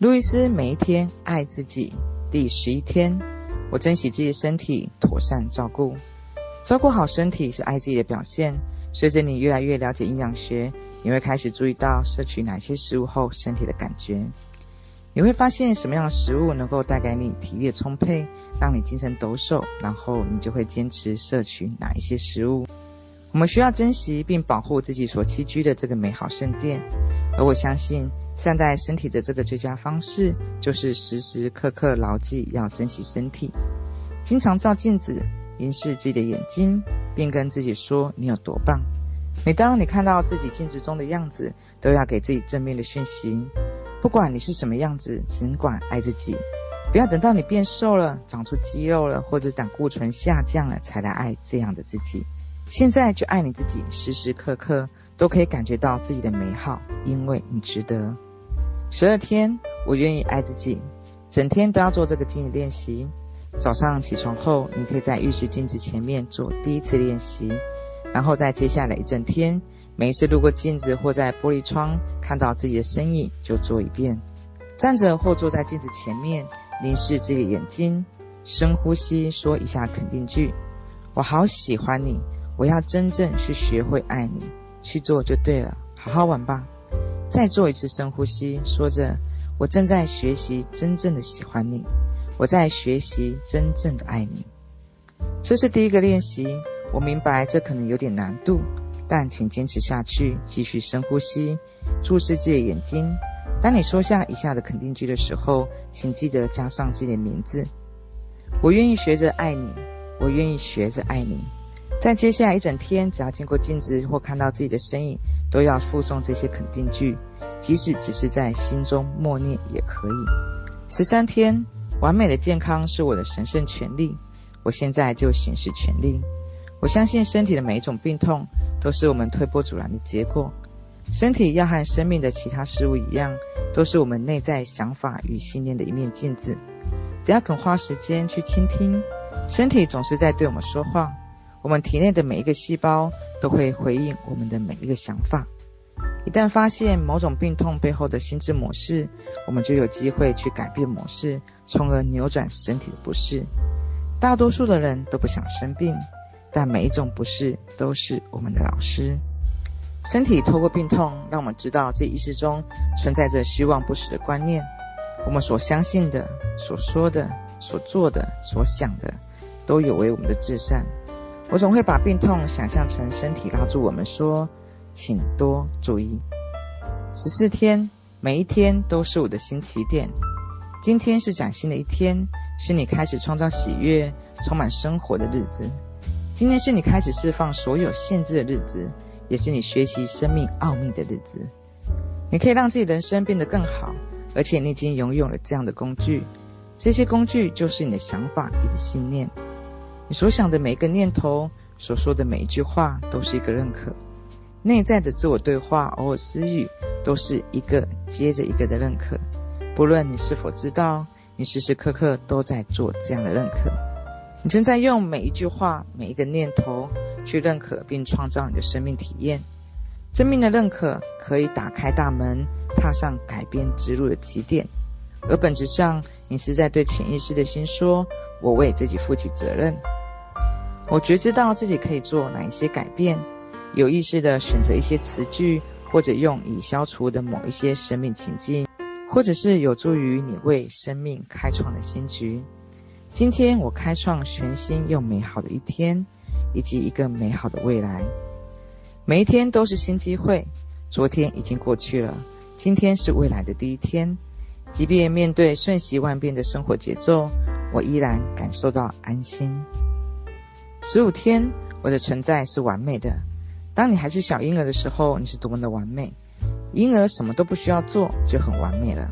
路易斯，每一天愛自己。第十一天，我珍惜自己的身體，妥善照顧。照顧好身體是愛自己的表現。隨着你越來越了解營養學，你會開始注意到攝取哪些食物後身體的感覺。你會發現什麼樣的食物能夠帶給你體力的充沛，讓你精神抖擻，然後你就會堅持攝取哪一些食物。我們需要珍惜並保護自己所棲居的這個美好聖殿，而我相信，善待身體的這個最佳方式，就是時時刻刻牢記要珍惜身體，經常照鏡子，凝視自己的眼睛，並跟自己說你有多棒。每當你看到自己鏡子中的樣子，都要給自己正面的訊息。不管你是什麼樣子，只管愛自己。不要等到你變瘦了、長出肌肉了，或者膽固醇下降了，才來愛這樣的自己。現在就愛你自己，時時刻刻都可以感覺到自己的美好，因為你值得。十二天，我願意愛自己，整天都要做這個鏡子練習。早上起床後，你可以在浴室鏡子前面做第一次練習，然後在接下來一整天，每一次路過鏡子或在玻璃窗看到自己的身影，就做一遍。站着或坐在鏡子前面，凝視自己的眼睛，深呼吸，說一下肯定句：“我好喜歡你，我要真正去學會愛你，去做就對了。”好好玩吧。再做一次深呼吸，說着：“我正在學習真正的喜歡你，我在學習真正的愛你。”這是第一個練習。我明白這可能有點難度，但請堅持下去，繼續深呼吸，注視自己的眼睛。當你說下以下的肯定句的時候，請記得加上自己的名字：“我願意學着愛你，我願意學着愛你。”但接下來一整天，只要經過鏡子或看到自己的身影，都要複誦這些肯定句，即使只是在心中默念也可以。十三天，完美的健康是我的神聖權利，我現在就行使權利。我相信身體的每一種病痛，都是我們推波助瀾的結果。身體要和生命的其他事物一樣，都是我們內在想法與信念的一面鏡子。只要肯花時間去傾聽，身體總是在對我們說話。我們體內的每一個細胞都會回應我們的每一個想法。一旦發現某種病痛背後的心智模式，我們就有機會去改變模式，從而扭轉身體的不適。大多數的人都不想生病，但每一種不適都是我們的老師。身體透過病痛讓我們知道，這意識中存在着虛妄不實的觀念。我們所相信的、所說的、所做的、所想的，都有違我們的至善。我總會把病痛想象成身體拉住我們說，請多注意。十四天，每一天都是我的新起點。今天是嶄新的一天，是你開始創造喜悅、充滿生活的日子。今天是你開始釋放所有限制的日子，也是你學習生命奧秘的日子。你可以讓自己人生變得更好，而且你已經擁有了這樣的工具。這些工具就是你的想法以及信念。你所想的每一個念頭，所說的每一句話，都是一個認可。內在的自我對話，偶爾私語，都是一個接着一個的認可。不論你是否知道，你時時刻刻都在做這樣的認可。你正在用每一句話、每一個念頭去認可並創造你的生命體驗。正面的認可可以打開大門，踏上改變之路的起點。而本質上，你是在對潛意識的心說。我為自己負起責任，我覺知到自己可以做哪一些改變，有意識地選擇一些詞句，或者用以消除的某一些生命情境，或者是有助於你為生命開創的新局。今天我開創全新又美好的一天，以及一個美好的未來。每一天都是新機會，昨天已經過去了，今天是未來的第一天。即便面對瞬息萬變的生活節奏。我依然感受到安心。十五天，我的存在是完美的。當你還是小嬰兒的時候，你是多麼的完美！嬰兒什麼都不需要做就很完美了。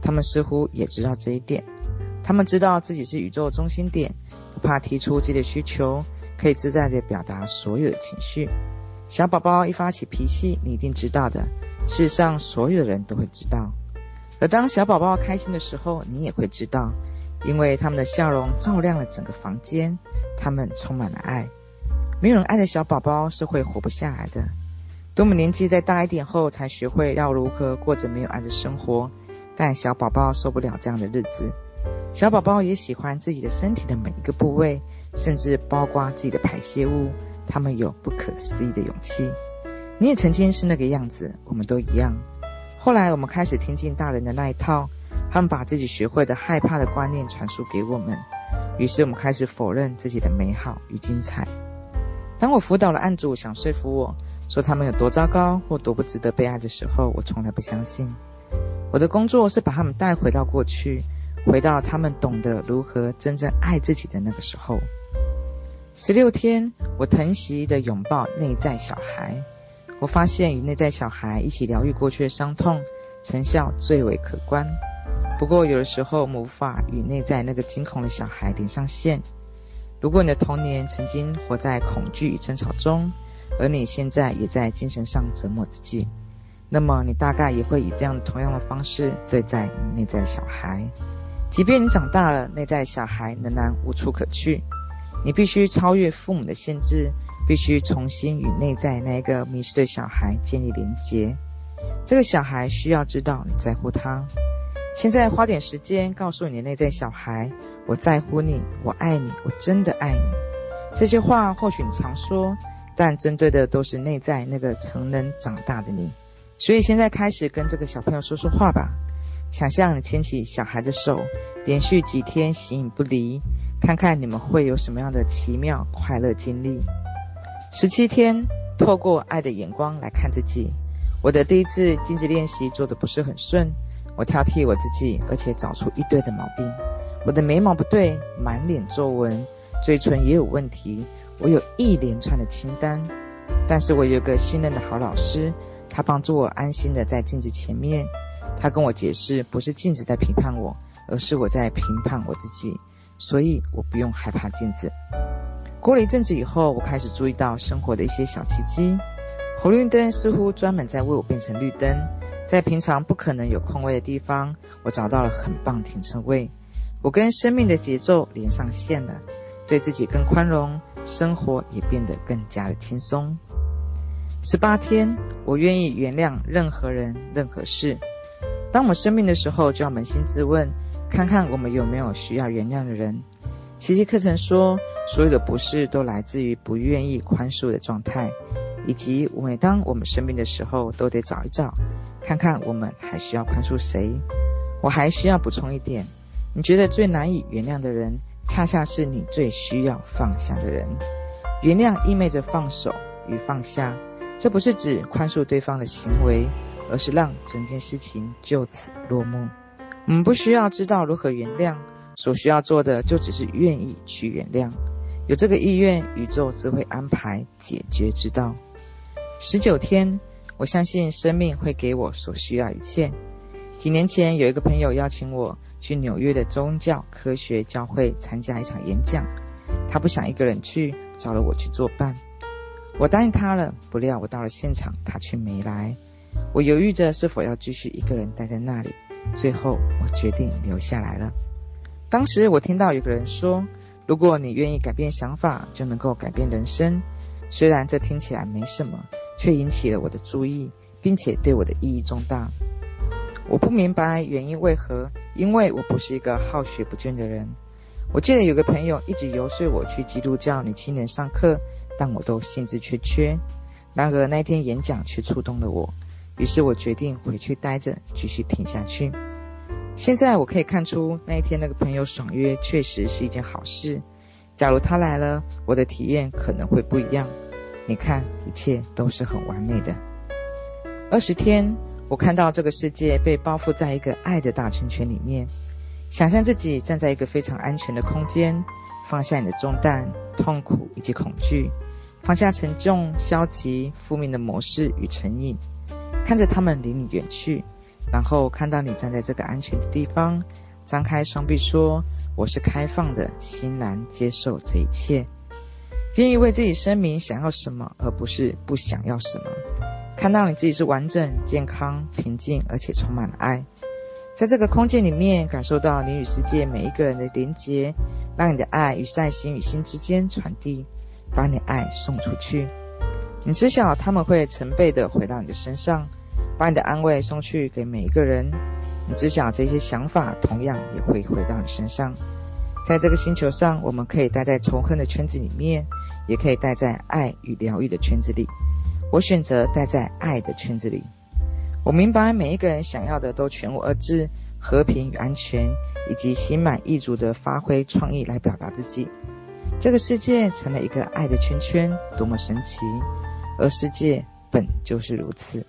他們似乎也知道這一點，他們知道自己是宇宙中心點，不怕提出自己的需求，可以自在地表達所有的情緒。小寶寶一發起脾氣，你一定知道的。事實上所有的人都會知道。而當小寶寶開心的時候，你也會知道。因為他們的笑容照亮了整個房間，他們充滿了愛。沒有人愛的小寶寶是會活不下來的。多麼年紀再大一點後才學會要如何過着沒有愛的生活，但小寶寶受不了這樣的日子。小寶寶也喜歡自己的身體的每一個部位，甚至包括自己的排泄物。他們有不可思議的勇氣。你也曾經是那個樣子，我們都一樣。後來我們開始聽進大人的那一套。他們把自己學會的害怕的觀念傳輸給我們，於是我們開始否認自己的美好與精彩。當我輔導了案主想說服我說他們有多糟糕或多不值得被愛的時候，我從來不相信。我的工作是把他們帶回到過去，回到他們懂得如何真正愛自己的那個時候。十六天，我疼惜地擁抱內在小孩，我發現與內在小孩一起療癒過去的傷痛，成效最為可觀。不過，有的時候無法與內在那個驚恐的小孩連上線。如果你的童年曾經活在恐懼與爭吵中，而你現在也在精神上折磨自己，那麼你大概也會以這樣同樣的方式對待你內在的小孩。即便你長大了，內在小孩仍然無處可去。你必須超越父母的限制，必須重新與內在那一個迷失的小孩建立連接。這個小孩需要知道你在乎他。現在花點時間，告訴你的內在小孩：“我在乎你，我愛你，我真的愛你。”這些話或許你常說，但針對的都是內在那個成人長大的你。所以現在開始跟這個小朋友說說話吧。想象你牽起小孩的手，連續幾天形影不離，看看你們會有什麼樣的奇妙快樂經歷。十七天，透過愛的眼光來看自己。我的第一次鏡子練習做得不是很順。我挑剔我自己，而且找出一堆的毛病。我的眉毛不對，滿臉皺紋，嘴唇也有問題。我有一連串的清單，但是我有個信任的好老師，他幫助我安心地在鏡子前面。他跟我解釋，不是鏡子在評判我，而是我在評判我自己，所以我不用害怕鏡子。過了一陣子以後，我開始注意到生活的一些小奇蹟。紅綠燈似乎專門在為我變成綠燈。在平常不可能有空位的地方，我找到了很棒停車位。我跟生命的節奏連上線了，對自己更寬容，生活也變得更加的輕鬆。十八天，我願意原諒任何人、任何事。當我生病的時候，就要捫心自問，看看我們有沒有需要原諒的人。奇蹟課程說，所有的不適都來自於不願意寬恕的狀態。以及每當我們生病的時候，都得找一找，看看我們還需要寬恕誰。我還需要補充一點，你覺得最難以原諒的人，恰恰是你最需要放下的人。原諒意味着放手與放下，這不是指寬恕對方的行為，而是讓整件事情就此落幕。我們不需要知道如何原諒，所需要做的就只是願意去原諒。有這個意願，宇宙自會安排解決之道。十九天，我相信生命會給我所需要一切。幾年前，有一個朋友邀請我去紐約的宗教科學教會參加一場演講，他不想一個人去，找了我去作伴。我答應他了，不料我到了現場，他卻沒來。我猶豫着是否要繼續一個人待在那裡，最後我決定留下來了。當時我聽到有個人說：“如果你願意改變想法，就能夠改變人生。”雖然這聽起來沒什麼。卻引起了我的注意，並且對我的意義重大。我不明白原因為何，因為我不是一個好學不倦的人。我記得有個朋友一直游說我去基督教女青年上課，但我都興致缺缺。然而那一天演講卻觸動了我，於是我決定回去待着，繼續聽下去。現在我可以看出，那一天那個朋友爽約確實是一件好事。假如他來了，我的體驗可能會不一樣。你看，一切都是很完美的。二十天，我看到這個世界被包覆在一個愛的大圈圈裡面。想象自己站在一個非常安全的空間，放下你的重擔、痛苦以及恐懼，放下沉重、消極、負面的模式與成癮，看着他們離你遠去，然後看到你站在這個安全的地方，張開雙臂說：“我是開放的，欣然接受這一切。”願意為自己聲明想要什麼，而不是不想要什麼。看到你自己是完整、健康、平靜，而且充滿了愛，在這個空間裡面，感受到你與世界每一個人的連結，讓你的愛與善心與心之間傳遞，把你的愛送出去。你知曉他們會成倍的回到你的身上，把你的安慰送去給每一個人。你知曉這些想法同樣也會回到你身上。在這個星球上，我們可以待在仇恨的圈子裡面。也可以待在愛與療癒的圈子裡，我選擇待在愛的圈子裡。我明白每一個人想要的都全無二致，和平與安全，以及心滿意足的發揮創意來表達自己。這個世界成了一個愛的圈圈，多麼神奇！而世界本就是如此。